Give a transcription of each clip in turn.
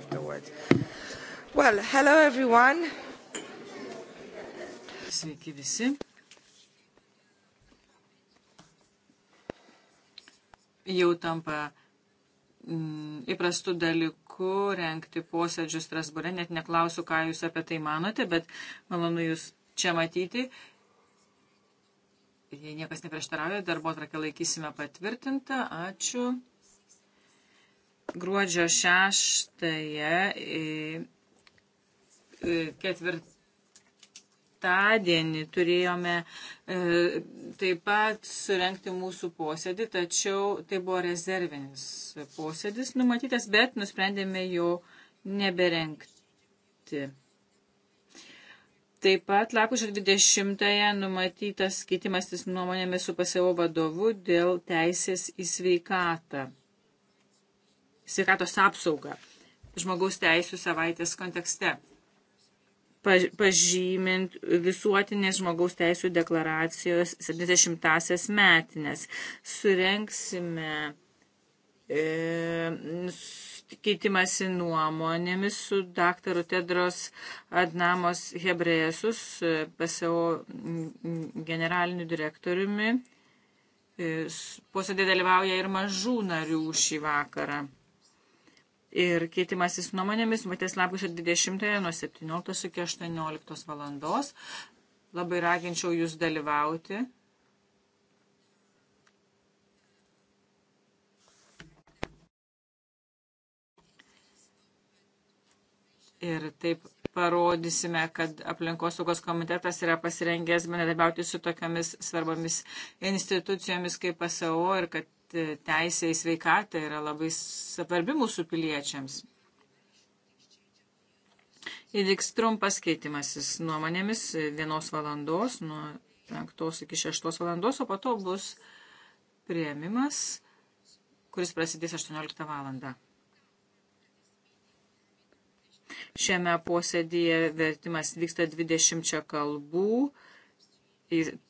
afterwards. Well, hello everyone. Sveiki visi. Jau tampa mm, įprastų dalykų renkti posėdžius Strasbūre. Net neklausiu, ką jūs apie tai manote, bet malonu jūs čia matyti. Jei niekas neprieštarauja, darbo trakę laikysime patvirtintą. Ačiū. Gruodžio 6 e, e, ketvirtadienį turėjome e, taip pat surenkti mūsų posėdį, tačiau tai buvo rezervinis posėdis numatytas, bet nusprendėme jo neberengti. Taip pat lakužio 20-ąją numatytas keitimasis nuomonėmis su PSO vadovu dėl teisės į sveikatą sveikatos apsaugą žmogaus teisų savaitės kontekste. Pažymint visuotinės žmogaus teisų deklaracijos 70-asias metinės. Surenksime e, keitimasi nuomonėmis su daktaru Tedros Adnamos Hebrejesus, e, PSO generaliniu direktoriumi. E, Posėdė dalyvauja ir mažų narių šį vakarą ir keitimasis nuomonėmis matės lapkričio 20 nuo 17 iki 18 valandos. Labai raginčiau jūs dalyvauti. Ir taip parodysime, kad aplinkosaugos komitetas yra pasirengęs bendradarbiauti su tokiamis svarbomis institucijomis kaip PSO ir kad E, teisė į sveikatą yra labai svarbi mūsų piliečiams. Įvyks trumpas keitimasis nuomonėmis e, vienos valandos, nuo penktos iki šeštos valandos, o po to bus prieimimas, kuris prasidės 18 valandą. Šiame posėdėje vertimas vyksta 20 kalbų,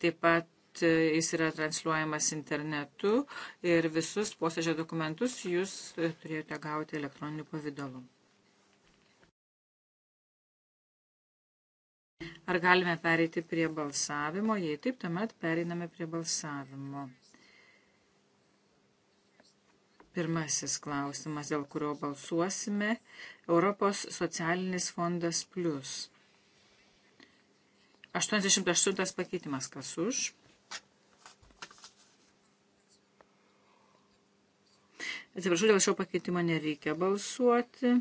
taip pat kad e, jis yra transliuojamas internetu ir visus posėdžio dokumentus jūs e, turėjote gauti elektroniniu pavydalu. Ar galime pereiti prie balsavimo? Jei taip, tuomet pereiname prie balsavimo. Pirmasis klausimas, dėl kurio balsuosime - Europos socialinis fondas plus. 88 pakeitimas kas už, Atsiprašau, dėl šio pakeitimo nereikia balsuoti.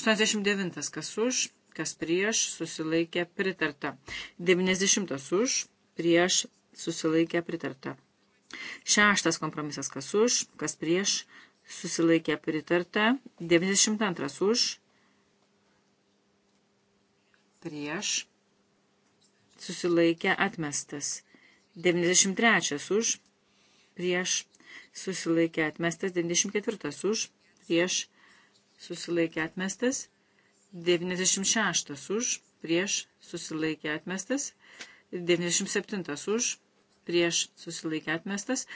89. Kas už, kas prieš, susilaikė pritarta. 90. Už, prieš, susilaikė pritarta. Šeštas kompromisas. Kas už, kas prieš, susilaikė pritarta. 92. Už, prieš, susilaikė atmestas. 93 už, prieš susilaikė atmestas, 94 už, prieš susilaikė atmestas, 96 už, prieš susilaikė atmestas, 97 už, prieš susilaikė atmestas,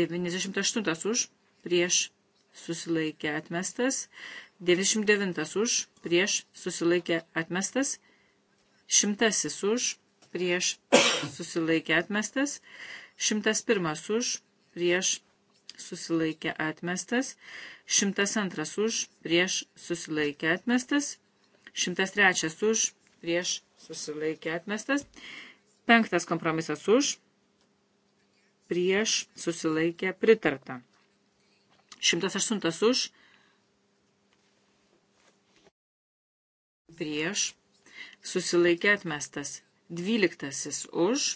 98 už, prieš susilaikė atmestas, 99 už, prieš susilaikė atmestas, šimtasis už, prieš susilaikė atmestas, 101 už, prieš susilaikė atmestas, 102 už, prieš susilaikė atmestas, 103 už, prieš susilaikė atmestas, 5 kompromisas už, prieš susilaikė pritarta. 108 už, prieš susilaikė atmestas, 12 už,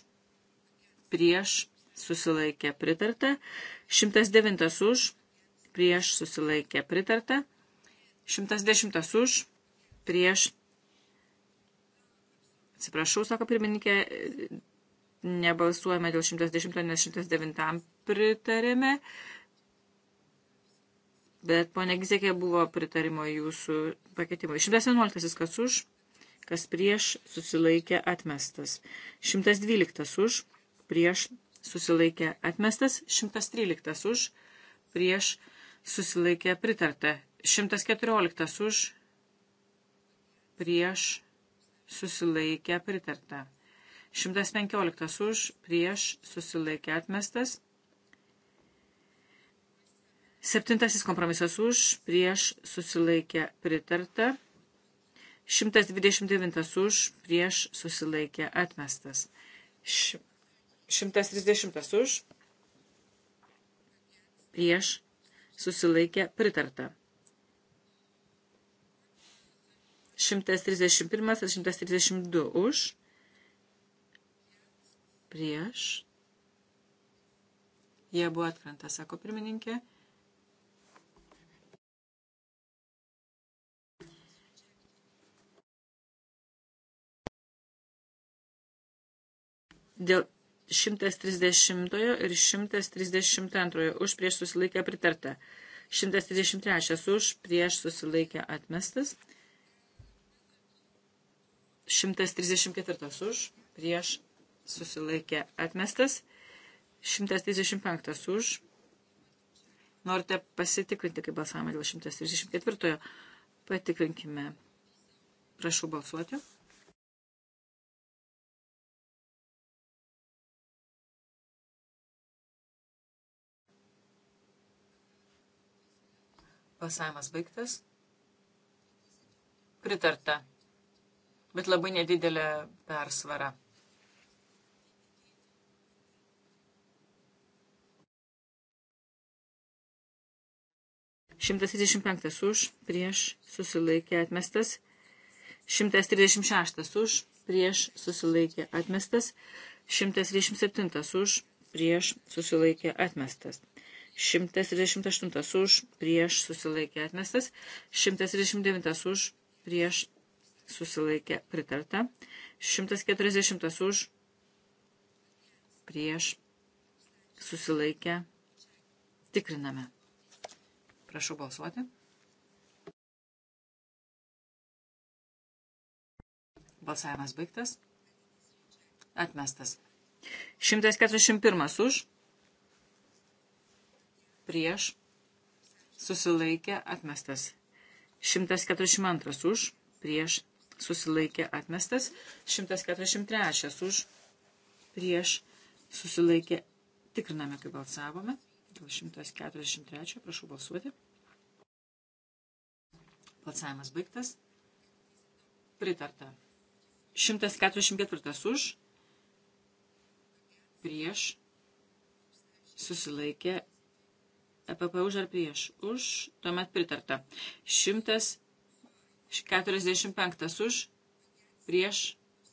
prieš susilaikė pritarta, 109 už, prieš susilaikė pritarta, 110 už, prieš, atsiprašau, sako pirmininkė, nebalsuojame dėl 110, nes 109 pritarėme, bet ponia Gizekė buvo pritarimo jūsų pakeitimui. 111 kas už, kas prieš susilaikė atmestas, 112 už prieš susilaikė atmestas, 113 už, prieš susilaikė pritarta, 114 už, prieš susilaikė pritarta, 115 už, prieš susilaikė atmestas, 7 kompromisas už, prieš susilaikė pritarta, 129 už, prieš susilaikė atmestas. Ši... 130 už, prieš, susilaikė, pritarta. 131 ir 132 už, prieš, jie buvo atkrenta, sako pirmininkė. Dėl 130 ir 132 už prieš susilaikę pritarta. 133 už prieš susilaikę atmestas. 134 už prieš susilaikę atmestas. 135 už. Norite pasitikrinti, kaip balsavome dėl 134. Patikrinkime. Prašau balsuoti. Balsavimas baigtas. Pritarta, bet labai nedidelė persvara. Šimtas trisdešimt penktas už, prieš susilaikė atmestas. Šimtas trisdešimt šeštas už, prieš susilaikė atmestas. 137 už, prieš susilaikė atmestas. 138 už, prieš susilaikė atmestas, 139 už, prieš susilaikė pritarta, 140 už, prieš susilaikė tikriname. Prašau balsuoti. Balsavimas baigtas. Atmestas. 141 už prieš, susilaikė atmestas. 142 už, prieš, susilaikė atmestas. 143 už, prieš, susilaikė. Tikriname, kaip balsavome. Dėl 143, prašau balsuoti. Balsavimas baigtas. Pritarta. 144 už, prieš, susilaikė EPP už ar prieš? Už, tuomet pritarta. 145 už, prieš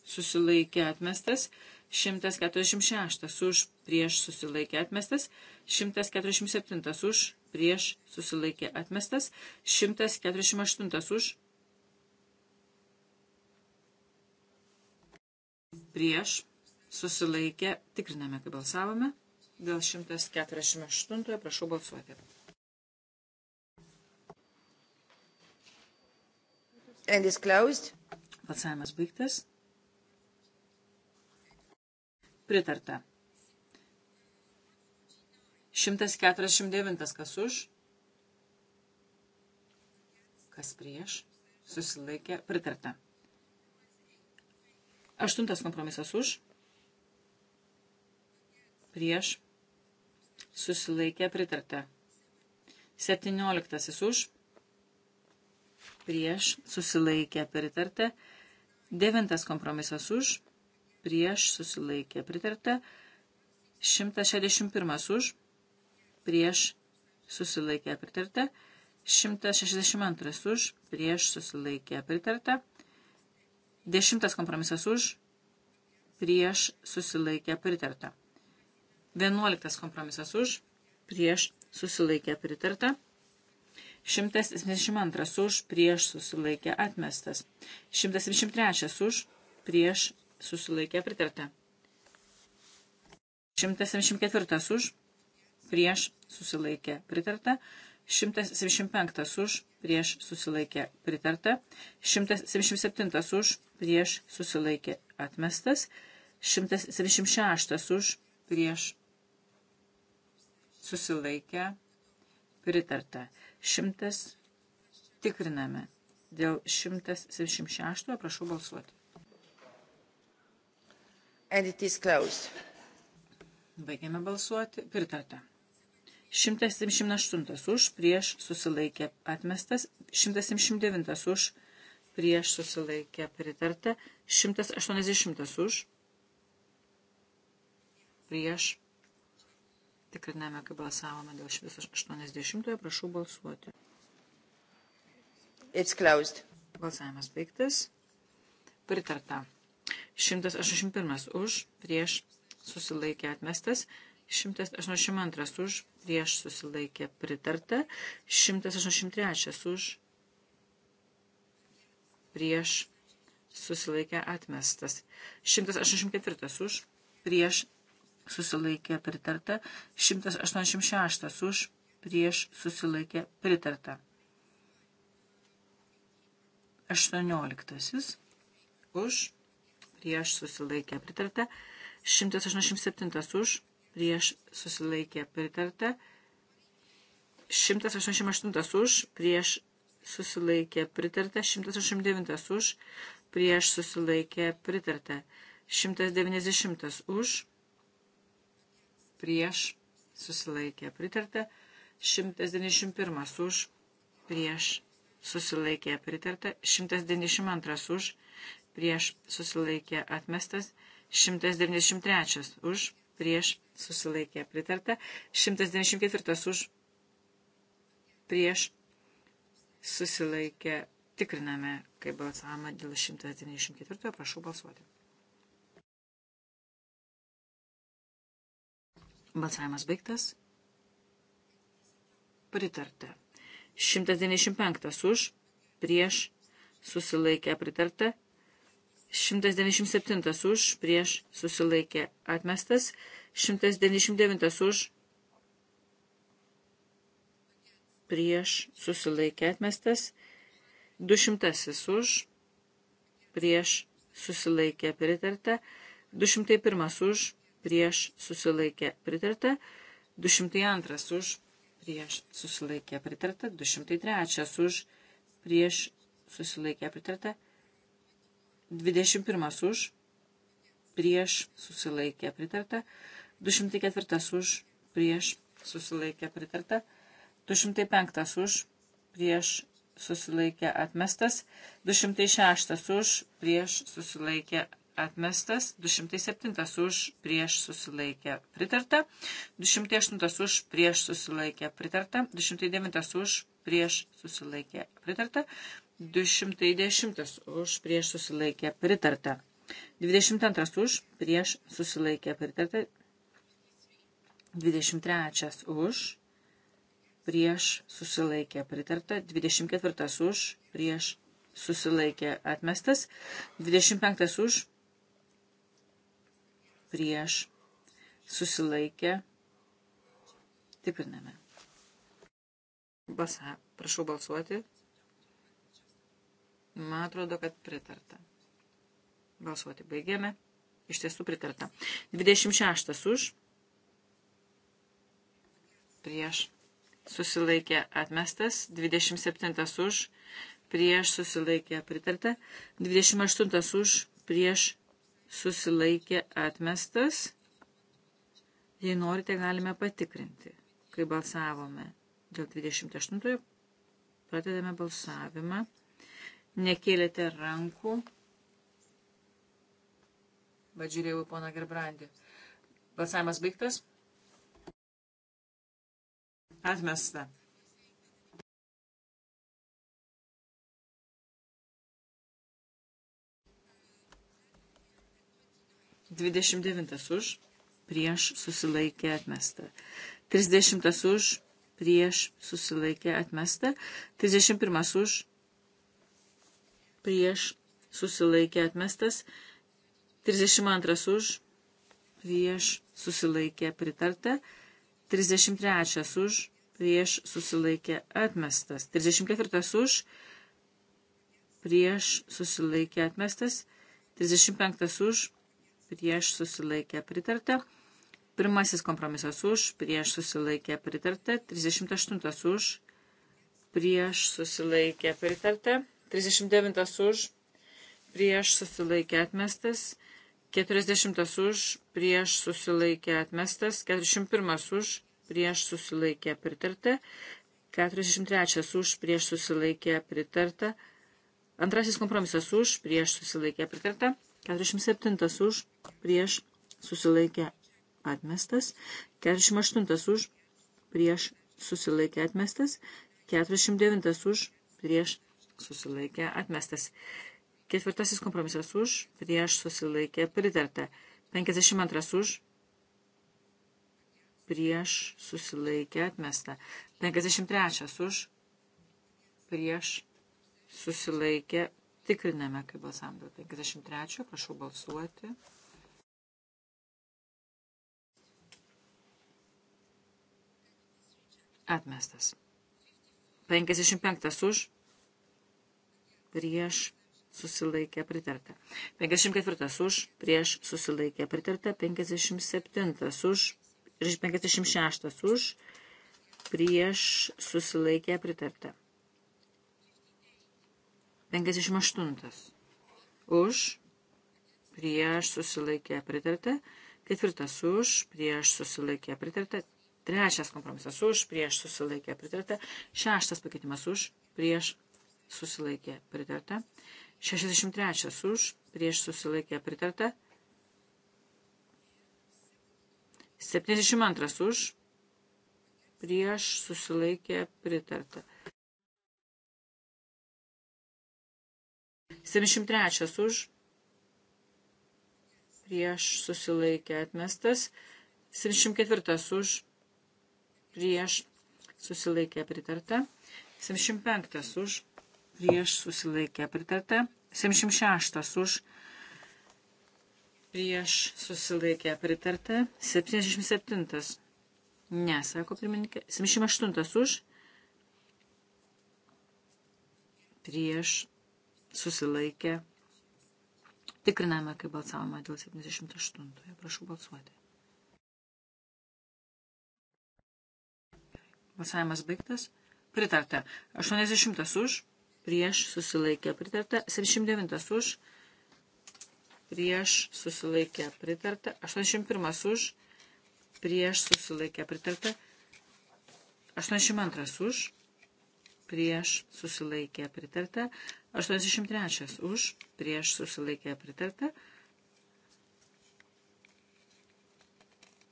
susilaikė atmestas. 146 už, prieš susilaikė atmestas. 147 už, prieš susilaikė atmestas. 148 už, prieš susilaikė. Tikriname, kaip balsavome. Dėl 148 prašau balsuoti. And is closed. Balsavimas baigtas. Pritarta. 149 kas už, kas prieš, susilaikė, pritarta. Aštuntas kompromisas už, prieš, susilaikė pritarta. 17 už, prieš, susilaikė pritarta. 9 kompromisas už, prieš, susilaikė pritarta. 161 už, prieš, susilaikė pritarta. 162 už, prieš, susilaikė pritarta. 10 kompromisas už, prieš, susilaikė pritarta. 11 kompromisas už, prieš susilaikė pritarta. 172 už, prieš susilaikė atmestas. 173 už, prieš susilaikė pritarta. 174 už, prieš susilaikė pritarta. 175 už, prieš susilaikė pritarta. 177 už, prieš susilaikė atmestas. 176 už, prieš susilaikę, pritarta. Šimtas tikriname. Dėl 176 prašau balsuoti. And it is closed. Baigiame balsuoti. Pritarta. 178 už, prieš susilaikė atmestas. 179 už, prieš susilaikė pritarta. 180 už, prieš Tikriname, kaip balsavome dėl iš viso 80. Prašau balsuoti. It's closed. Balsavimas baigtas. Pritarta. 181 už, prieš susilaikė atmestas. 182 už, prieš susilaikė pritarta. 183 už, prieš susilaikė atmestas. 184 už, prieš susilaikė pritarta, 186 už, prieš susilaikė pritarta. 18 už, prieš susilaikė pritarta, 187 už, prieš susilaikė pritarta, 188 už, prieš susilaikė pritarta, 189 už, prieš susilaikė pritarta, 190 už, prieš susilaikė pritarta, 191 už prieš susilaikė pritarta, 192 už prieš susilaikė atmestas, 193 už prieš susilaikė pritarta, 194 už prieš susilaikė tikriname, kaip balsavimą dėl 194, prašau balsuoti. Balsavimas baigtas. Pritarta. 195 už, prieš, susilaikė pritarta. 197 už, prieš, susilaikė atmestas. 199 už, prieš, susilaikė atmestas. 200 už, prieš, susilaikė pritarta. 201 už, prieš susilaikė pritarta, 202 už prieš susilaikė pritarta, 203 už prieš susilaikė pritarta, 21 už prieš susilaikė pritarta, 204 už prieš susilaikė pritarta, 205 už prieš susilaikė atmestas, 206 už prieš susilaikė atmestas, 207 už prieš susilaikę pritarta, 208 už prieš susilaikę pritarta, 209 už prieš susilaikę pritarta, 210 už prieš susilaikę pritarta, 22 už prieš susilaikę pritarta, 23 už prieš susilaikę pritarta, 24 už prieš susilaikė atmestas, 25 už prieš, susilaikę, tikriname. Basa, prašau balsuoti. Man atrodo, kad pritarta. Balsuoti baigėme. Iš tiesų pritarta. 26 už. Prieš. Susilaikė atmestas. 27 už. Prieš susilaikė pritarta. 28 už. Prieš susilaikė atmestas. Jei norite, galime patikrinti, kai balsavome. Dėl 28 pradedame balsavimą. Nekėlėte rankų. Bet žiūrėjau į poną Gerbrandį. Balsavimas baigtas. Atmesta. 29 už, prieš susilaikė atmesta. 30 už, prieš susilaikė atmesta. 31 už, prieš susilaikė atmestas. 32 už, prieš susilaikė pritarta. 33 už, prieš susilaikė atmestas. 34 už, prieš susilaikė atmestas. 35 už, prieš susilaikę pritartę. Pirmasis kompromisas už, prieš susilaikę pritartę. 38 už, prieš susilaikę pritartę. 39 už, prieš susilaikę atmestas. 40 už, prieš susilaikę atmestas. 41 už, prieš susilaikę pritartę. 43 už, prieš susilaikę pritartę. Antrasis kompromisas už, prieš susilaikę pritartę. 47 už, prieš susilaikė atmestas, 48 už, prieš susilaikė atmestas, 49 už, prieš susilaikė atmestas. Ketvirtasis kompromisas už, prieš susilaikė pritarta. 52 už, prieš susilaikė atmesta. 53 už, prieš susilaikė Tikriname, kaip balsavom dėl 53. Prašau balsuoti. Atmestas. 55 už. Prieš susilaikė pritarta. 54 už. Prieš susilaikė pritarta. 57 už. Ir 56 už. Prieš susilaikė pritarta. 58. Už, prieš susilaikė pritarta. Ketvirtas už, prieš susilaikė pritarta. Trečias kompromisas už, prieš susilaikė pritarta. Šeštas pakeitimas už, prieš susilaikė pritarta. 63 už, prieš susilaikė pritarta. 72 už, prieš susilaikė pritarta. 73 už, prieš susilaikė atmestas, 74 už, prieš susilaikė pritarta, 75 už, prieš susilaikė pritarta, 76 už, prieš susilaikė pritarta, 77 Ne, sako pirmininkė. 78 už. Prieš susilaikė. Tikriname, kaip balsavome dėl 78. Prašau balsuoti. Balsavimas baigtas. Pritarta. 80 už, prieš susilaikė pritarta. 79 už, prieš susilaikė pritarta. 81 už, prieš susilaikė pritarta. 82 už, prieš susilaikę pritarta, 83 už, prieš susilaikę pritarta,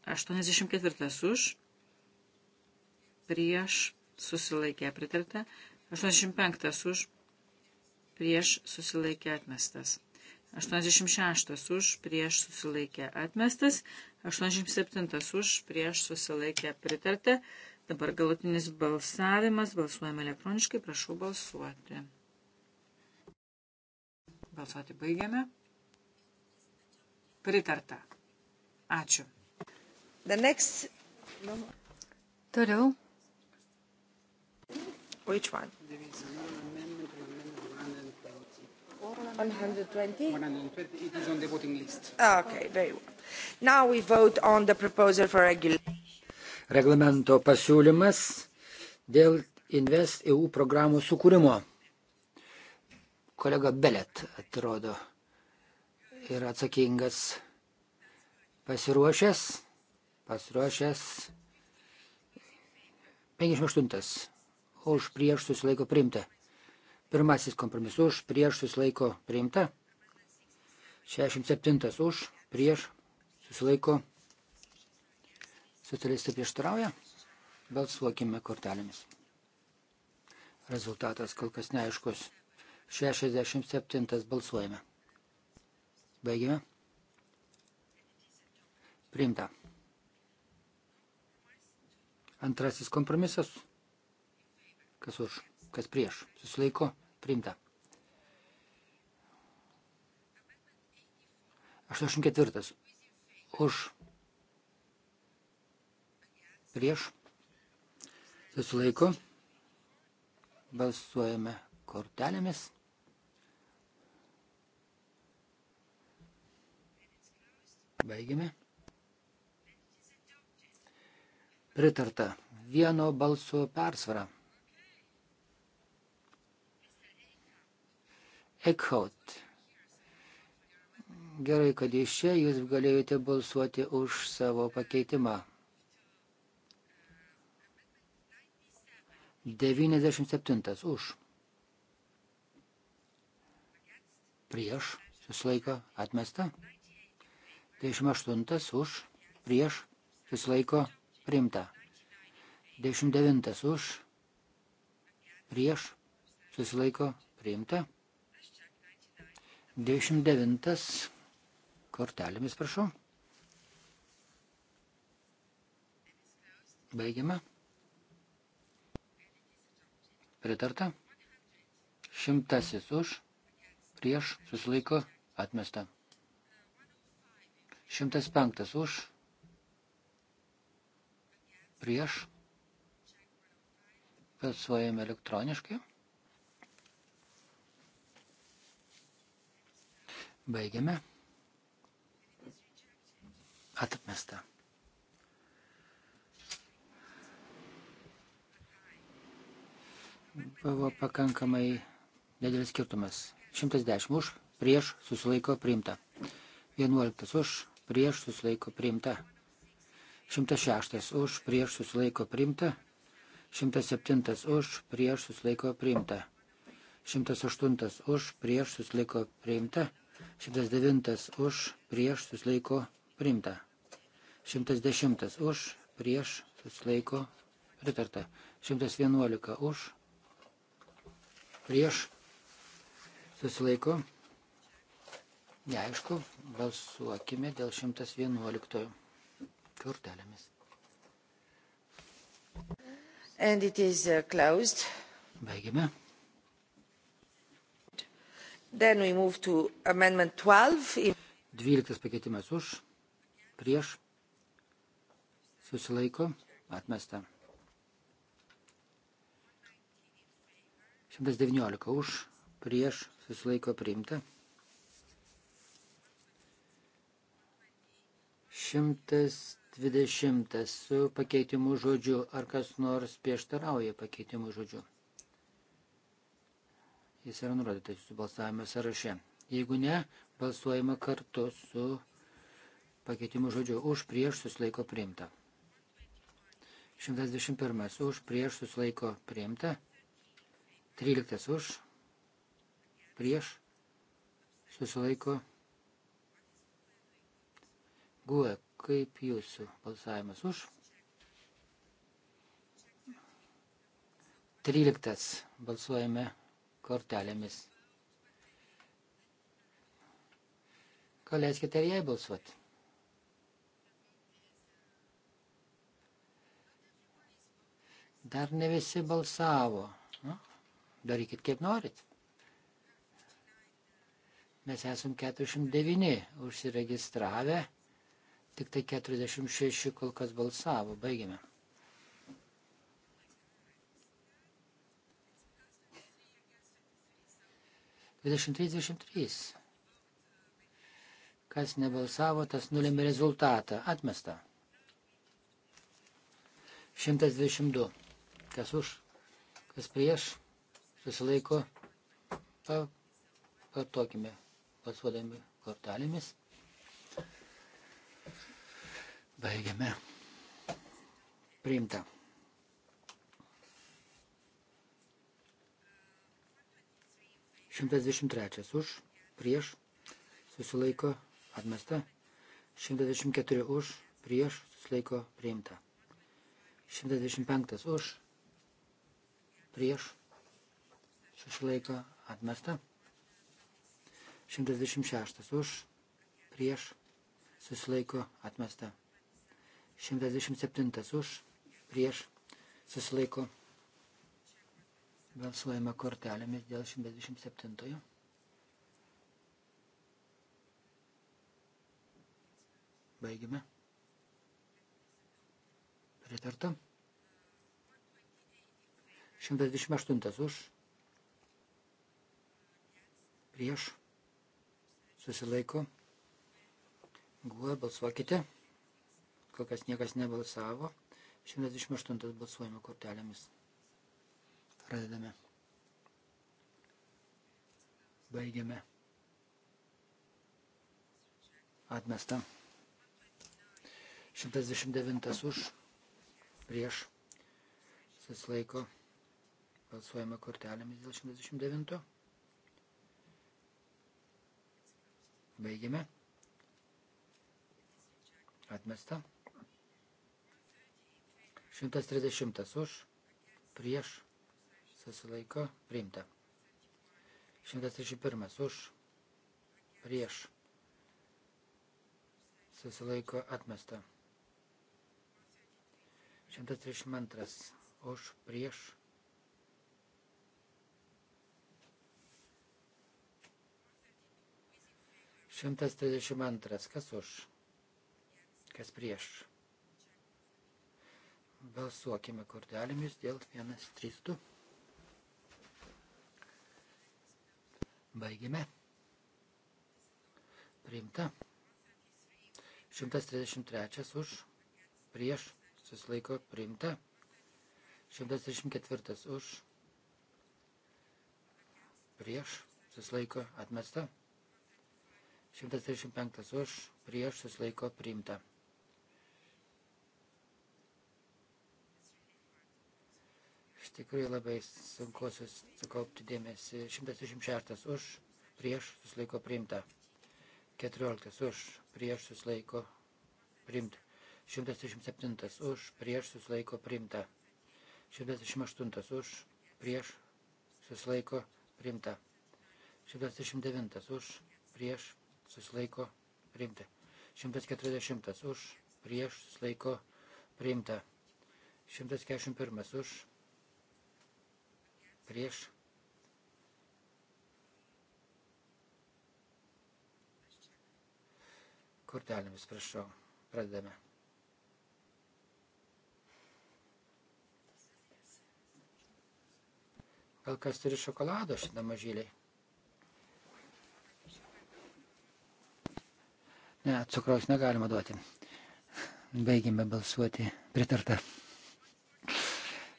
84 už, prieš susilaikę pritarta, 85 už, prieš susilaikę atmestas. 86 už prieš susilaikę atmestas, 87 už prieš susilaikę pritartę, Dabar galutinis balsavimas. Balsuojame elektroniškai. Prašau balsuoti. Balsuoti baigiame. Pritarta. Ačiū. The next... Toliau. Which one? There is an amendment to amendment 120. 120? 120. It is on the voting list. Ah, okay, very well. Now we vote on the proposal for regulation reglamento pasiūlymas dėl Invest EU programų sukūrimo. Kolega Belet, atrodo, yra atsakingas, pasiruošęs, pasiruošęs. 58. Už prieš susilaiko priimta. Pirmasis kompromis už prieš susilaiko priimta. 67. Už prieš susilaiko priimta Socialistai prieštarauja? Balsuokime kortelėmis. Rezultatas kol kas neaiškus. 67 balsuojame. Baigime. Priimta. Antrasis kompromisas. Kas už, kas prieš. Susilaiko. Priimta. 84. Už prieš, susilaiko, balsuojame kortelėmis. Baigiame. Pritarta vieno balsų persvara. Eckhout. Gerai, kad iš čia jūs galėjote balsuoti už savo pakeitimą. 97 už. Prieš susilaiko atmesta. 98 už. Prieš susilaiko primta. 99 už. Prieš susilaiko priimta. 29 kortelėmis prašau. Baigiama pritarta. Šimtasis už, prieš, susilaiko, atmesta. Šimtas penktas už, prieš, pasuojame elektroniškai. Baigiame. Atmesta. buvo pakankamai nedėlis skirtumas. 110 už, prieš susilaiko priimta. 11 už, prieš susilaiko priimta. 106 už, prieš susilaiko priimta. 107 už, prieš susilaiko priimta. 108 už, prieš susilaiko priimta. 109 už, prieš susilaiko priimta. 110 už, prieš susilaiko pritarta. 111 už, prieš susilaiko. Neaišku, balsuokime dėl 111 kortelėmis. And it is uh, closed. Baigime. Then we move to amendment 12. 12 pakeitimas už, prieš, susilaiko, atmesta. 119 už, prieš, susilaiko priimta. 120 su pakeitimu žodžiu. Ar kas nors prieštarauja pakeitimu žodžiu? Jis yra nurodytas jūsų balsavimo sąraše. Jeigu ne, balsuojama kartu su pakeitimu žodžiu už prieš susilaiko priimta. 121 už prieš susilaiko priimta. 13 už, prieš, susilaiko. Guė, kaip jūsų balsavimas už? 13 balsuojame kortelėmis. Ką leiskite ir jai balsuoti? Dar ne visi balsavo darykit kaip norit. Mes esam 409 užsiregistravę, tik tai 46 kol kas balsavo, baigime. Dvidešimt trys, dvidešimt trys. Kas nebalsavo, tas nulėmė rezultatą. Atmesta. 122. Kas už, kas prieš susilaiko, pakartokime pasuodami kortelėmis. Baigiame. Priimta. Šimtas dvidešimt trečias už, prieš, susilaiko, atmesta. Šimtas dvidešimt keturi už, prieš, susilaiko, priimta. Šimtas dvidešimt penktas už, prieš, susilaiko atmesta. 126 už, prieš, susilaiko atmesta. 127 už, prieš, susilaiko balsuojama kortelėmis dėl 127. Baigime. Pritarta. 128 už, prieš, susilaiko, guoja, balsuokite, kol kas niekas nebalsavo, 128 balsuojimo kortelėmis. Pradedame. Baigiame. Atmesta. 129 už, prieš, susilaiko, balsuojama kortelėmis dėl 129. Baigėme. Atmesta. 130 už, prieš, susilaiko, priimta. 131 už, prieš, susilaiko, atmesta. 132 už, prieš, 132. Kas už? Kas prieš? Balsuokime kortelėmis dėl 132. Baigime. Priimta. 133 už. Prieš. Susilaiko. Priimta. 134 už. Prieš. Susilaiko. Atmesta. 135 už, prieš susilaiko priimta. Iš tikrųjų labai sunku susikaupti dėmesį. 136 už, prieš susilaiko priimta. 14 už, prieš susilaiko priimta. 137 už, prieš susilaiko priimta. 128 už, prieš susilaiko priimta. 129 už, prieš susilaiko priimta. 140 už, prieš susilaiko priimta. 141 už, prieš. Kortelėmis, prašau, pradedame. Gal kas turi šokolado šitą mažyliai? Ne, cukraus negalima duoti. Baigime balsuoti. Pritarta.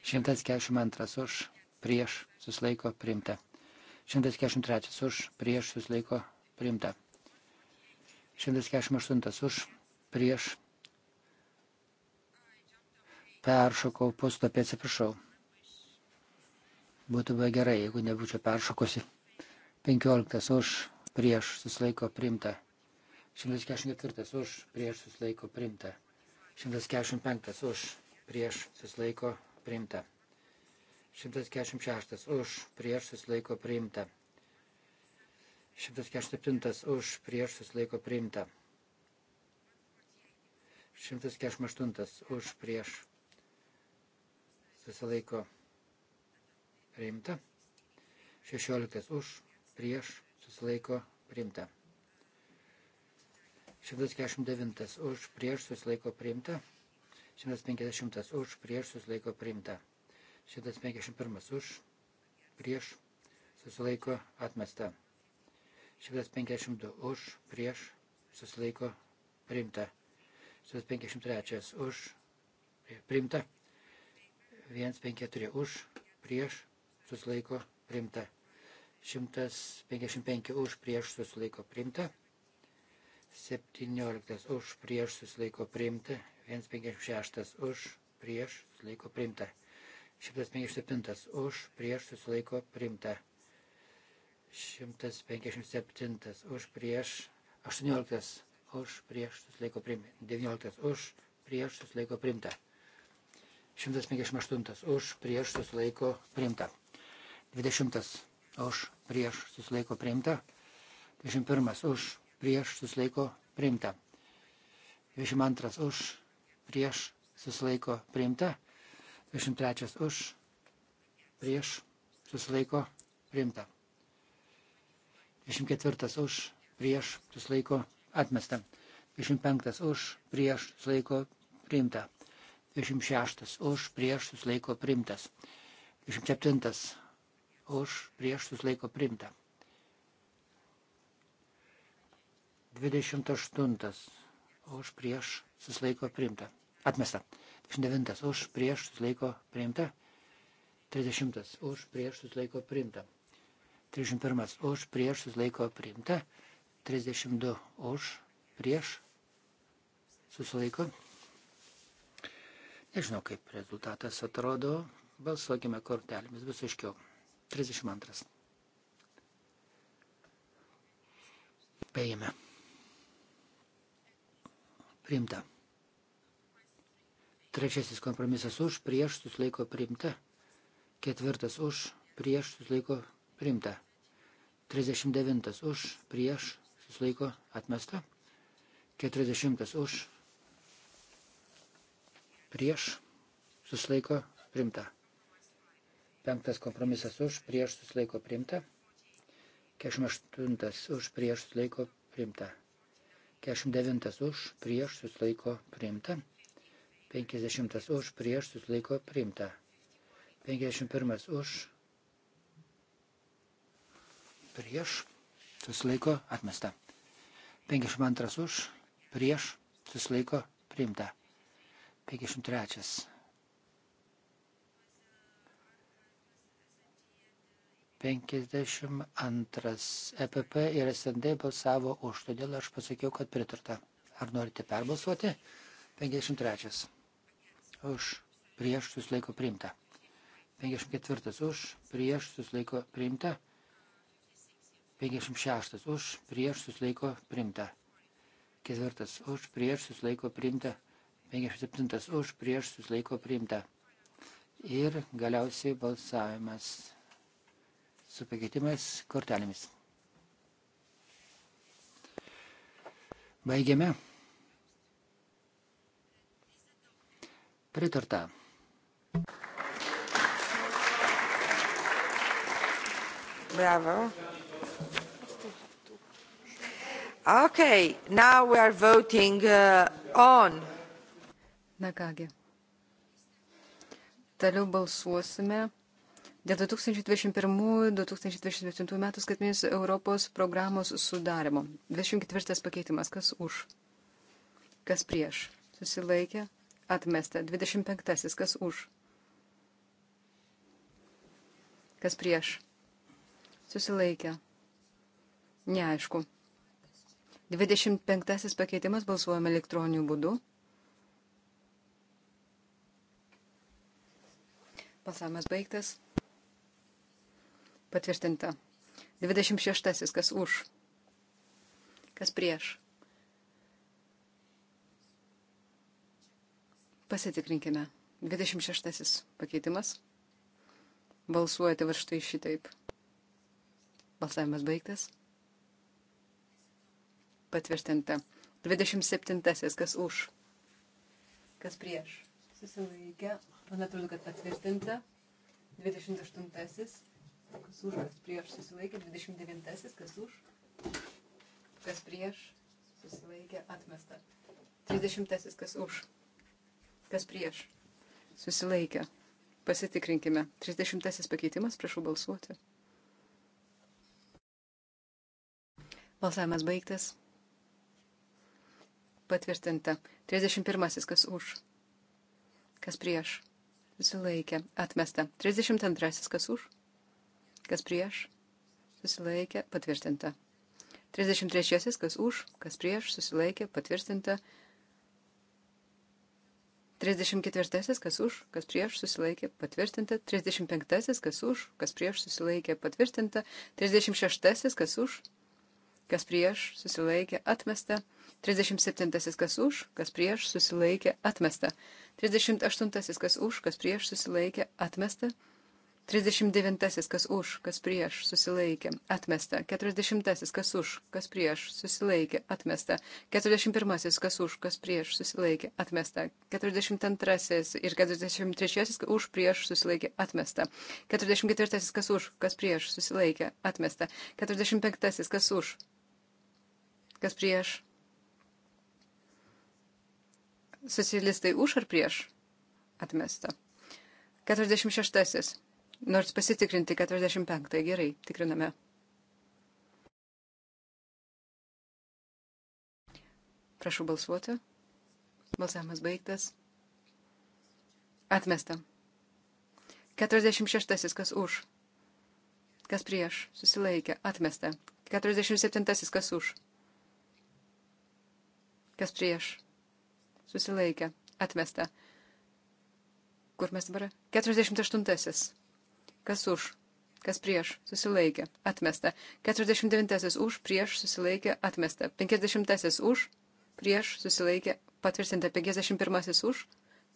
142 už, prieš, susilaiko, primta. 143 už, prieš, susilaiko, primta. 148 už, prieš. Peršokau puslapį, atsiprašau. Būtų buvę gerai, jeigu nebūčiau peršokusi. 15 už, prieš, susilaiko, primta. 144 už prieš susilaiko primta. 145 už prieš susilaiko primta. 146 už prieš susilaiko primta. 147 už prieš susilaiko primta. 148 už prieš susilaiko primta. 16 už prieš susilaiko primta. 149 už prieš susilaiko priimta. 150 už prieš susilaiko priimta. 151 už prieš susilaiko atmesta. 152 už prieš susilaiko priimta. 153 už priimta. 153 už prieš susilaiko priimta. 155 už prieš susilaiko priimta. 17 už prieš susilaiko priimta, 156 už prieš susilaiko priimta, 157 už prieš susilaiko priimta, 157 už prieš, 18 už prieš susilaiko priimta, 19 už prieš susilaiko priimta, 158 už prieš susilaiko priimta, 20 už prieš susilaiko priimta, 21 už prieš susilaiko priimta. 22 už, prieš susilaiko priimta. 23 už, prieš susilaiko priimta. 24 už, prieš susilaiko atmesta. 25 už, prieš susilaiko priimta. 26 už, prieš susilaiko priimtas. 27 už, prieš susilaiko priimta. 28 už prieš susilaiko priimta. Atmesta. 29 už prieš susilaiko priimta. 30 už prieš susilaiko priimta. 31 už prieš susilaiko priimta. 32 už prieš susilaiko. Nežinau, kaip rezultatas atrodo. Balsuokime kortelėmis, bus aiškiau. 32. Paėmė priimta. Trečiasis kompromisas už, prieš susilaiko priimta. Ketvirtas už, prieš susilaiko priimta. 39 už, prieš susilaiko atmesta. 40 už, prieš susilaiko priimta. Penktas kompromisas už, prieš susilaiko priimta. 48 už, prieš susilaiko priimta. 49 už, prieš susilaiko priimta. 50 už, prieš susilaiko priimta. 51 už, prieš susilaiko atmesta. 52 už, prieš susilaiko priimta. 53 52. EPP ir SND balsavo už, todėl aš pasakiau, kad pritarta. Ar norite perbalsuoti? 53. Už, prieš, susilaiko priimta. 54. Už, prieš, susilaiko priimta. 56. Už, prieš, susilaiko priimta. 4. Už, prieš, susilaiko priimta. 57. Už, prieš, susilaiko priimta. Ir galiausiai balsavimas su pakeitimais kortelėmis. Baigiame. Pritarta. Bravo. Okay, now we are voting uh, on. Na kągi. Toliau balsuosime dėl 2021-2027 metų skaitmės Europos programos sudarimo. 24 pakeitimas, kas už, kas prieš, susilaikė, atmesta. 25, kas už, kas prieš, susilaikė, neaišku. 25 pakeitimas balsuojame elektroniniu būdu. Balsavimas baigtas. Patvirtinta. 26. Kas už? Kas prieš? Pasitikrinkime. 26. Pakeitimas. Balsuojate va štai šitaip. Balsavimas baigtas. Patvirtinta. 27. Kas už? Kas prieš? Susilaikė. Man atrodo, kad patvirtinta. 28. Kas už, kas prieš susilaikė, 29. Kas už, kas prieš susilaikė, atmesta. 30. Kas už, kas prieš susilaikė. Pasitikrinkime. 30. pakeitimas, prašau balsuoti. Balsavimas baigtas. Patvirtinta. 31. Kas už, kas prieš susilaikė, atmesta. 32. Kas už kas prieš, susilaikė, patvirtinta. 33. kas už, kas prieš, susilaikė, patvirtinta. 34. kas už, kas prieš, susilaikė, patvirtinta. 35. kas už, kas prieš, susilaikė, patvirtinta. 36. kas už, kas prieš, susilaikė, atmesta. 37. kas už, kas prieš, susilaikė, atmesta. 38. kas už, kas prieš, susilaikė, atmesta. 38, 39. kas už, kas prieš, susilaikė, atmesta. 40. kas už, kas prieš, susilaikė, atmesta. 41. kas už, kas prieš, susilaikė, atmesta. 42. ir 43. už, prieš, susilaikė, atmesta. 44. kas už, kas prieš, susilaikė, atmesta. 45. kas už, kas prieš. Socialistai už ar prieš? Atmesta. 46. Nors pasitikrinti 45. Gerai, tikriname. Prašau balsuoti. Balsavimas baigtas. Atmesta. 46. Kas už? Kas prieš? Susilaikė. Atmesta. 47. Kas už? Kas prieš? Susilaikė. Atmesta. Kur mes dabar? 48. Kas už? Kas prieš? Susilaikė. Atmesta. 49 už, prieš, susilaikė, atmesta. 50 už, prieš, susilaikė, patvirtinta. 51 už,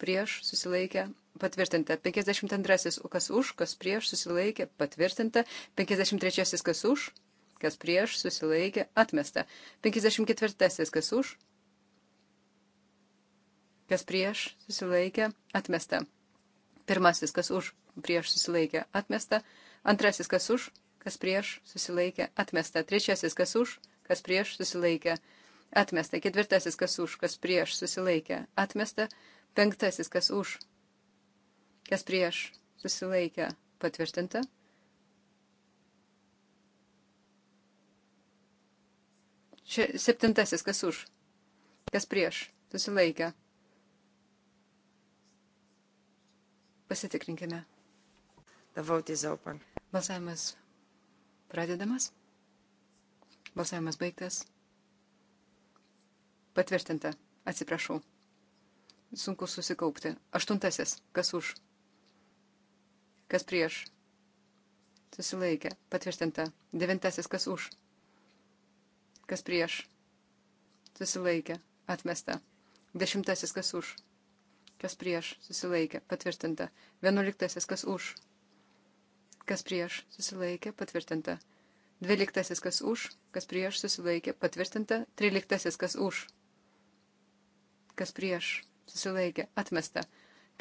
prieš, susilaikė, patvirtinta. 52 kas už, kas prieš, susilaikė, patvirtinta. 53 kas už, kas prieš, susilaikė, atmesta. 54 kas už, kas prieš, susilaikė, atmesta. Pirmasis, kas už, prieš susilaikė, atmesta. Antrasis, kas už, kas prieš susilaikė, atmesta. Trečiasis, kas už, kas prieš susilaikė, atmesta. Ketvirtasis, kas už, kas prieš susilaikė, atmesta. Penktasis, kas už, kas prieš susilaikė, patvirtinta. Čia septintasis, kas už, kas prieš susilaikė, Pasitikrinkime. Balsavimas pradedamas. Balsavimas baigtas. Patvirtinta. Atsiprašau. Sunku susikaupti. Aštuntasis. Kas už? Kas prieš? Susilaikė. Patvirtinta. Devintasis. Kas už? Kas prieš? Susilaikė. Atmesta. Dešimtasis. Kas už? kas prieš susilaikė, patvirtinta. Vienuoliktasis, kas už, kas prieš susilaikė, patvirtinta. Dvyliktasis, kas už, kas prieš susilaikė, patvirtinta. Tryliktasis, kas už, kas prieš susilaikė, atmesta.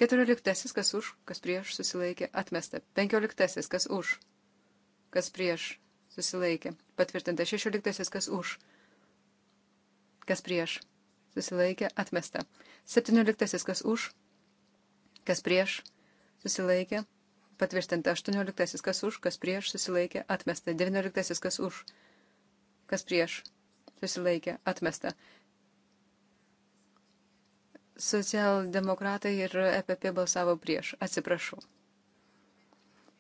Keturioliktasis, kas už, kas prieš susilaikė, atmesta. Penkioliktasis, kas už, kas prieš susilaikė, patvirtinta. Šešioliktasis, kas už, kas prieš susilaikė, atmesta. 17. Kas už, kas prieš, susilaikė, patvirtinta. 18. Kas už, kas prieš, susilaikė, atmesta. 19. Kas už, kas prieš, susilaikė, atmesta. Socialdemokratai ir EPP balsavo prieš. Atsiprašau.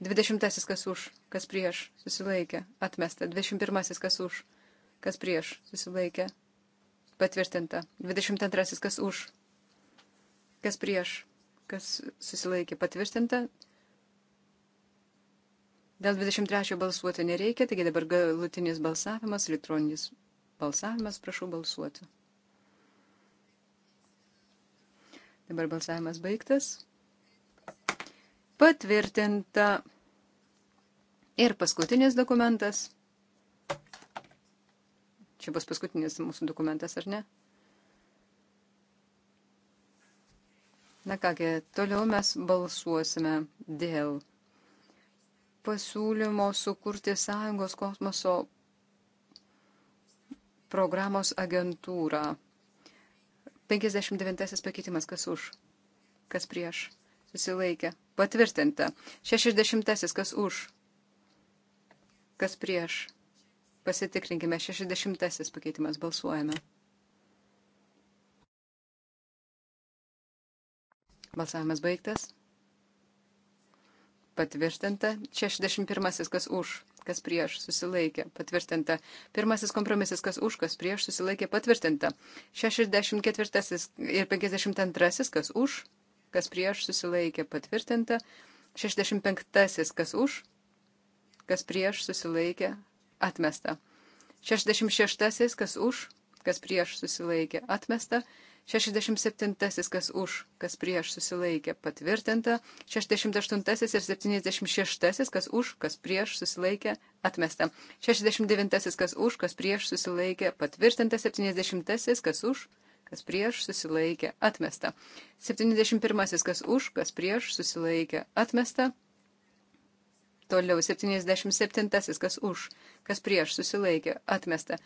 20. Kas už, kas prieš, susilaikė, atmesta. 21. Kas už, kas prieš, susilaikė, patvirtinta. 22. Kas už? Kas prieš? Kas susilaikė? Patvirtinta. Dėl 23 balsuoti nereikia, taigi dabar galutinis balsavimas, elektroninis balsavimas, prašau balsuoti. Dabar balsavimas baigtas. Patvirtinta. Ir paskutinis dokumentas. Čia bus paskutinis mūsų dokumentas, ar ne? Na kągi, toliau mes balsuosime dėl pasiūlymo sukurti Sąjungos kosmoso programos agentūrą. 59 pakeitimas, kas už, kas prieš, susilaikė, patvirtinta. 60 kas už, kas prieš, Pasitikrinkime 60 pakeitimas. Balsuojame. Balsavimas baigtas. Patvirtinta. 61. Kas už, kas prieš, susilaikė. Patvirtinta. Pirmasis kompromisas, kas už, kas prieš, susilaikė. Patvirtinta. 64. ir 52. Kas už, kas prieš, susilaikė. Patvirtinta. 65. Kas už, kas prieš, susilaikė atmesta. 66, kas už, kas prieš susilaikė, atmesta. 67, kas už, kas prieš susilaikė, patvirtinta. 68 ir 76, kas už, kas prieš susilaikė, atmesta. 69, kas už, kas prieš susilaikė, patvirtinta. 70, kas už, kas prieš susilaikė, atmesta. 71, kas už, kas prieš susilaikė, atmesta. Toliau 77. Kas už, kas prieš susilaikė, atmesta.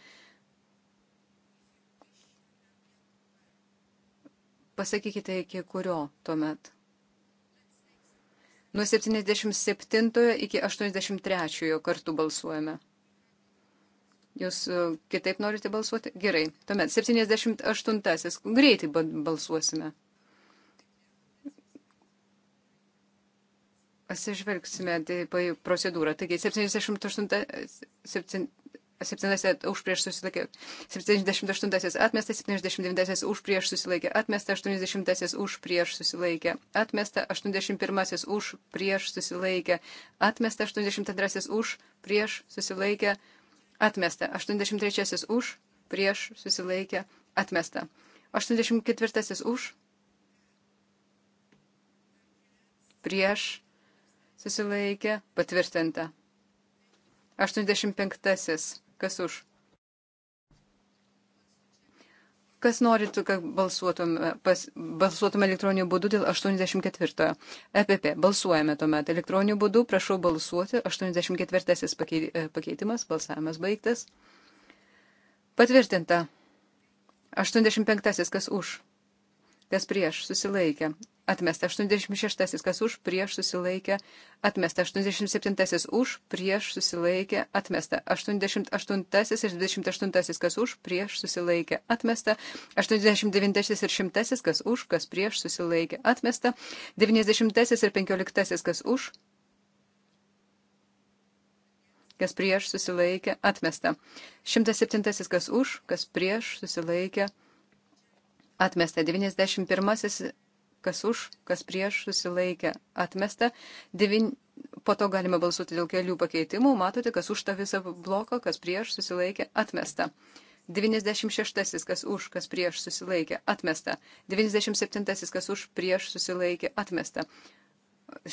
Pasakykite, iki kurio tuomet. Nuo 77 iki 83 kartų balsuojame. Jūs e, kitaip norite balsuoti? Gerai. Tuomet 78. Greitai balsuosime. Pasižvelgsime tai procedūrą. Taigi 78 septintasis už prieš susilaikė, septyniasdešimt aštuntasis atmesta, septyniasdešimt devintasis už prieš susilaikė, atmesta aštuoniasdešimtasis už prieš susilaikė, atmesta aštuoniasdešimt pirmasis už prieš susilaikė, atmesta aštuoniasdešimt antrasis už prieš susilaikė, atmesta aštuoniasdešimt trečiasis už prieš susilaikė, atmesta aštuoniasdešimt ketvirtasis už prieš susilaikė, patvirtinta. 85. Kas už? Kas norit, kad balsuotume, pas, balsuotume elektroniniu būdu dėl 84. EPP. Balsuojame tuomet elektroniniu būdu. Prašau balsuoti. 84. E, pakeitimas. Balsavimas baigtas. Patvirtinta. 85. Kas už? Kas prieš? Susilaikė atmesta 86, kas už, prieš susilaikė, atmesta 87, už, prieš susilaikė, atmesta 88 ir 28, kas už, prieš susilaikė, atmesta 89 ir 100, kas už, kas prieš susilaikė, atmesta 90 ir 15, kas už, kas prieš susilaikė, atmesta 107, kas už, kas prieš susilaikė, atmesta 91 kas už, kas prieš susilaikė atmesta. Devin... Po to galime balsuoti dėl kelių pakeitimų. Matote, kas už tą visą bloką, kas prieš susilaikė atmesta. 96. kas už, kas prieš susilaikė atmesta. 97. kas už, prieš susilaikė atmesta.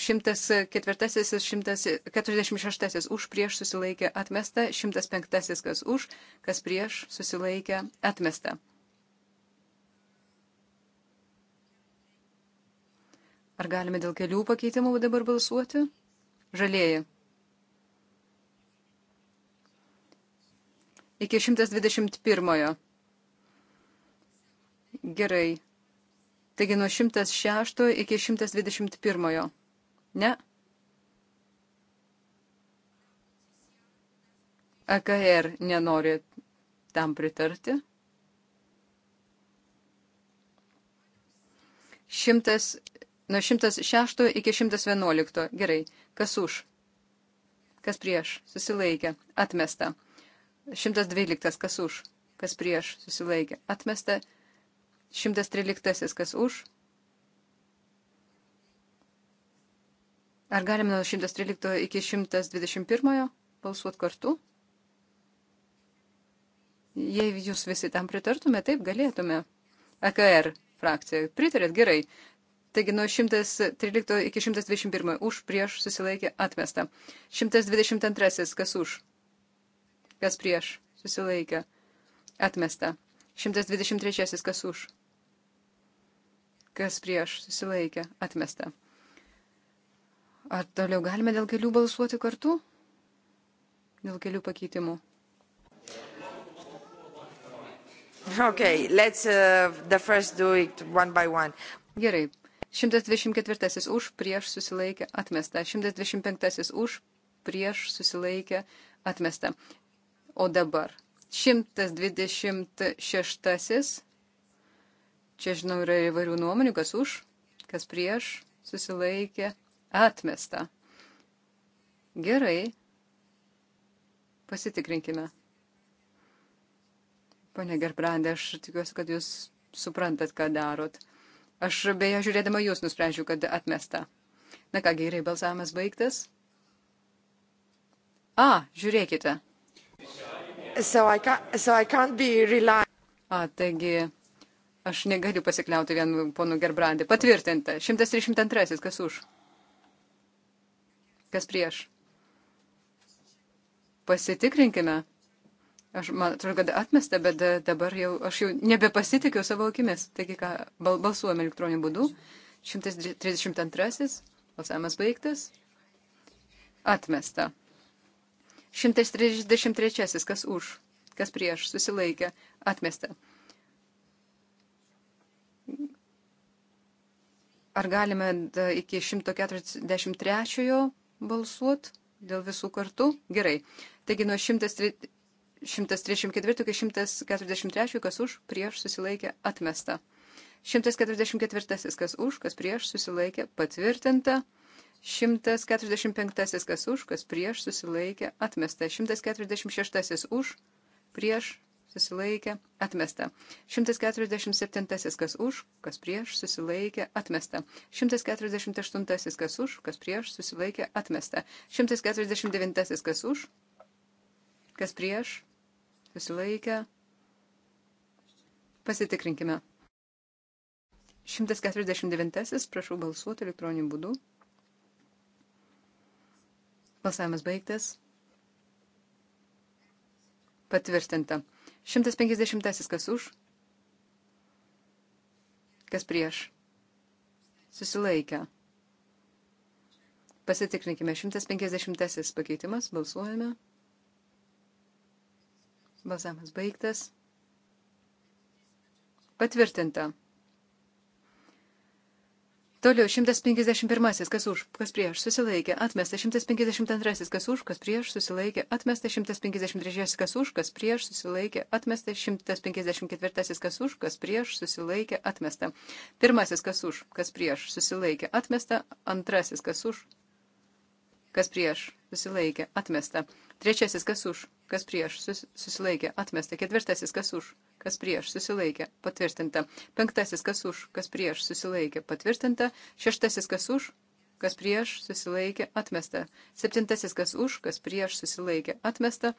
104, 146 už prieš susilaikė atmesta, 105 kas už, kas prieš susilaikė atmesta. Ar galime dėl kelių pakeitimų dabar balsuoti? Žalieji. Iki 121. Gerai. Taigi nuo 106 iki 121. Ne? AKR nenori tam pritarti. 106 Nuo 106 iki 111. Gerai. Kas už? Kas prieš? Susilaikė. Atmesta. 112. Kas už? Kas prieš? Susilaikė. Atmesta. 113. Kas už? Ar galime nuo 113 iki 121 balsuoti kartu? Jei jūs visi tam pritartume, taip galėtume. E AKR er frakcija. Pritarėt gerai. Taigi nuo 113 iki 121 už prieš susilaikė atmesta. 122 kas už, kas prieš susilaikė atmesta. 123 kas už, kas prieš susilaikė atmesta. Ar toliau galime dėl kelių balsuoti kartu? Dėl kelių pakeitimų. Okay, let's uh, the first do it one by one. Gerai, 124 už, prieš susilaikė atmesta. 125 už, prieš susilaikė atmesta. O dabar 126. Čia, žinau, yra įvairių nuomonių, kas už, kas prieš susilaikė atmesta. Gerai. Pasitikrinkime. Pane Gerbrandė, aš tikiuosi, kad jūs suprantat, ką darot. Aš beje, žiūrėdama jūs, nusprendžiau, kad atmesta. Na ką, gerai, balsavimas baigtas. A, žiūrėkite. So I can't, so I can't be reliant. A, taigi, aš negaliu pasikliauti vien ponu Gerbrandį. Patvirtinta. 132. Kas už? Kas prieš? Pasitikrinkime. Aš man atrodo, kad atmesta, bet e, dabar jau aš jau nebepasitikiu savo akimis. Taigi, ką, bal, balsuojame elektroniniu būdu. 132. Balsavimas baigtas. Atmesta. 133. Kas už? Kas prieš? Susilaikė. Atmesta. Ar galime iki 143 balsuot dėl visų kartų? Gerai. Taigi nuo 130. 134-143, kas už, prieš susilaikė atmesta. 144, kas už, kas prieš susilaikė patvirtinta. 145, kas už, kas prieš susilaikė atmesta. 146 už, prieš susilaikė atmesta. 147, kas už, kas prieš susilaikė atmesta. 148, kas už, kas prieš susilaikė atmesta. 149, kas už, kas prieš susilaikę. Pasitikrinkime. 149. Prašau balsuoti elektroniniu būdu. Balsavimas baigtas. Patvirtinta. 150. Kas už? Kas prieš? Susilaikę. Pasitikrinkime. 150. pakeitimas. Balsuojame. Balsavimas baigtas. Patvirtinta. Toliau 151. Kas už, kas prieš, susilaikė, atmesta 152. Kas už, kas prieš, susilaikė, atmesta 153. Kas už, kas prieš, susilaikė, atmesta 154. Kas už, kas prieš, susilaikė, atmesta. Pirmasis, kas už, kas prieš, susilaikė, atmesta. Antrasis, kas už, kas prieš, susilaikė, atmesta. Trečiasis, kas už, kas prieš, sus, susilaikė, atmesta. Ketvirtasis, kas už, kas prieš, susilaikė, patvirtinta. Penktasis, kas už, kas prieš, susilaikė, patvirtinta. Šeštasis, kas už, kas prieš, susilaikė, atmesta. Septintasis, kas už, kas prieš, susilaikė, atmesta.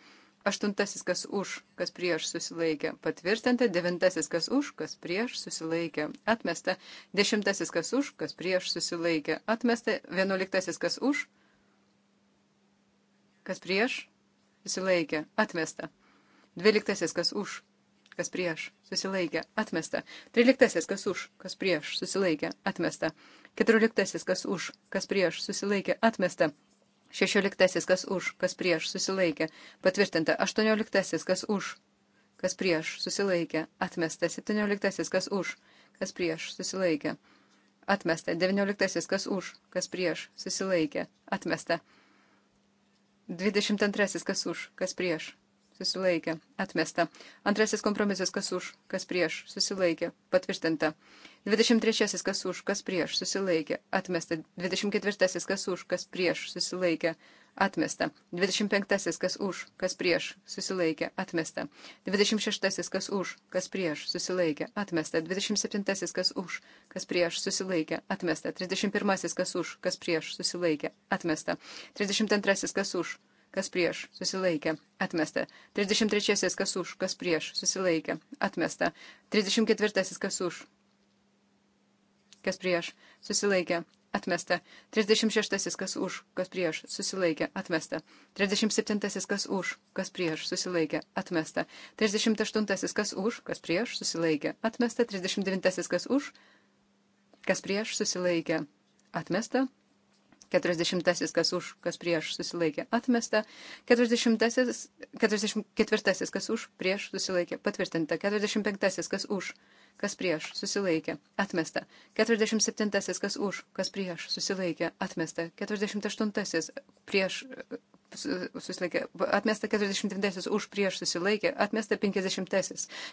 Aštuntasis, kas už, kas prieš susilaikė, patvirtinta. Devintasis, kas už, kas prieš susilaikė, atmesta. Dešimtasis, kas už, kas prieš susilaikė, atmesta. Vienuoliktasis, kas už, Kas prieš? Susilaikė. Atmesta. Dvyliktasis, kas už? Kas prieš? Susilaikė. Atmesta. Tryliktasis, kas už? Kas prieš? Susilaikė. Atmesta. Keturioliktasis, kas už? Kas prieš? Susilaikė. Atmesta. Šešioliktasis, kas už? Kas prieš? Susilaikė. Patvirtinta. Aštuonioliktasis, kas už? Kas prieš? Susilaikė. Atmesta. Septynioliktasis, kas už? Kas prieš? Susilaikė. Atmesta. Devynioliktasis, kas už? Kas prieš? Susilaikė. Atmesta. 22. Kas už, kas prieš, susilaikė, atmesta. Antrasis kompromisas, kas už, kas prieš, susilaikė, patvirtinta. 23. Kas už, kas prieš, susilaikė, atmesta. 24. Kas už, kas prieš, susilaikė, atmesta atmesta. 25. kas už, kas prieš, susilaikė, atmesta. 26. kas už, kas prieš, susilaikė, atmesta. 27. kas už, kas prieš, susilaikė, atmesta. 31. kas už, kas prieš, susilaikė, atmesta. 32. kas už, kas prieš, susilaikė, atmesta. 33. kas už, kas prieš, susilaikė, atmesta. 34. kas už, kas prieš, susilaikė, atmesta. 36. kas už, kas prieš, susilaikė, atmesta. 37. kas už, kas prieš, susilaikė, atmesta. 38. kas už, kas prieš, susilaikė, atmesta. 39. kas už, kas prieš, susilaikė, atmesta. 40 kas už, kas prieš susilaikė atmesta, 40, 44 kas už, prieš susilaikė patvirtinta, 45 kas už, kas prieš susilaikė atmesta, 47 kas už, kas prieš susilaikė atmesta, 48 prieš susilaikė, atmesta 49 už, prieš susilaikė, atmesta 50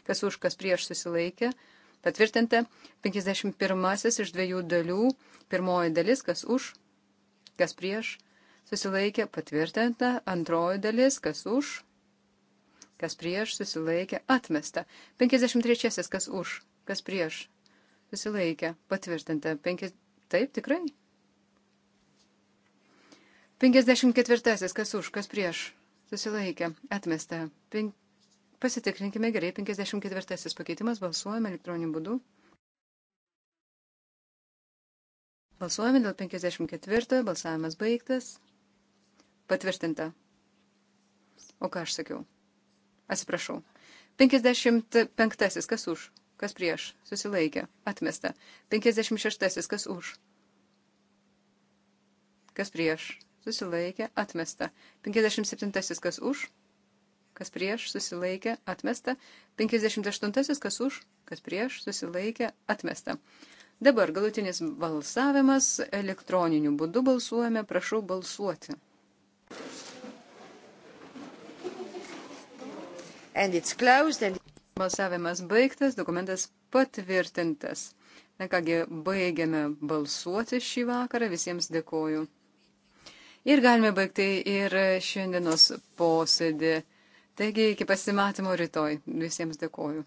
kas už, kas prieš susilaikė. Patvirtinta 51 iš dviejų dalių, pirmoji dalis, kas už, kas prieš, susilaikė patvirtinta, antroji dalis, kas už, kas prieš, susilaikė atmesta, 53 kas už, kas prieš, susilaikė patvirtinta, 5, taip tikrai. 54 kas už, kas prieš, susilaikė atmesta, 5. Pasitikrinkime gerai, 54 pakeitimas balsuojame elektroniniu būdu. Balsuojame dėl 54, balsavimas baigtas. Patvirtinta. O ką aš sakiau? Atsiprašau. 55, kas už, kas prieš, susilaikė, atmesta. 56, kas už, kas prieš, susilaikė, atmesta. 57, kas už, kas prieš, susilaikė, atmesta. 58, kas už, kas prieš, susilaikė, atmesta. Dabar galutinis balsavimas elektroniniu būdu balsuojame, prašau balsuoti. And... Balsavimas baigtas, dokumentas patvirtintas. Na kągi, baigiame balsuoti šį vakarą, visiems dėkoju. Ir galime baigti ir šiandienos posėdį. Taigi, iki pasimatymo rytoj. Visiems dėkoju.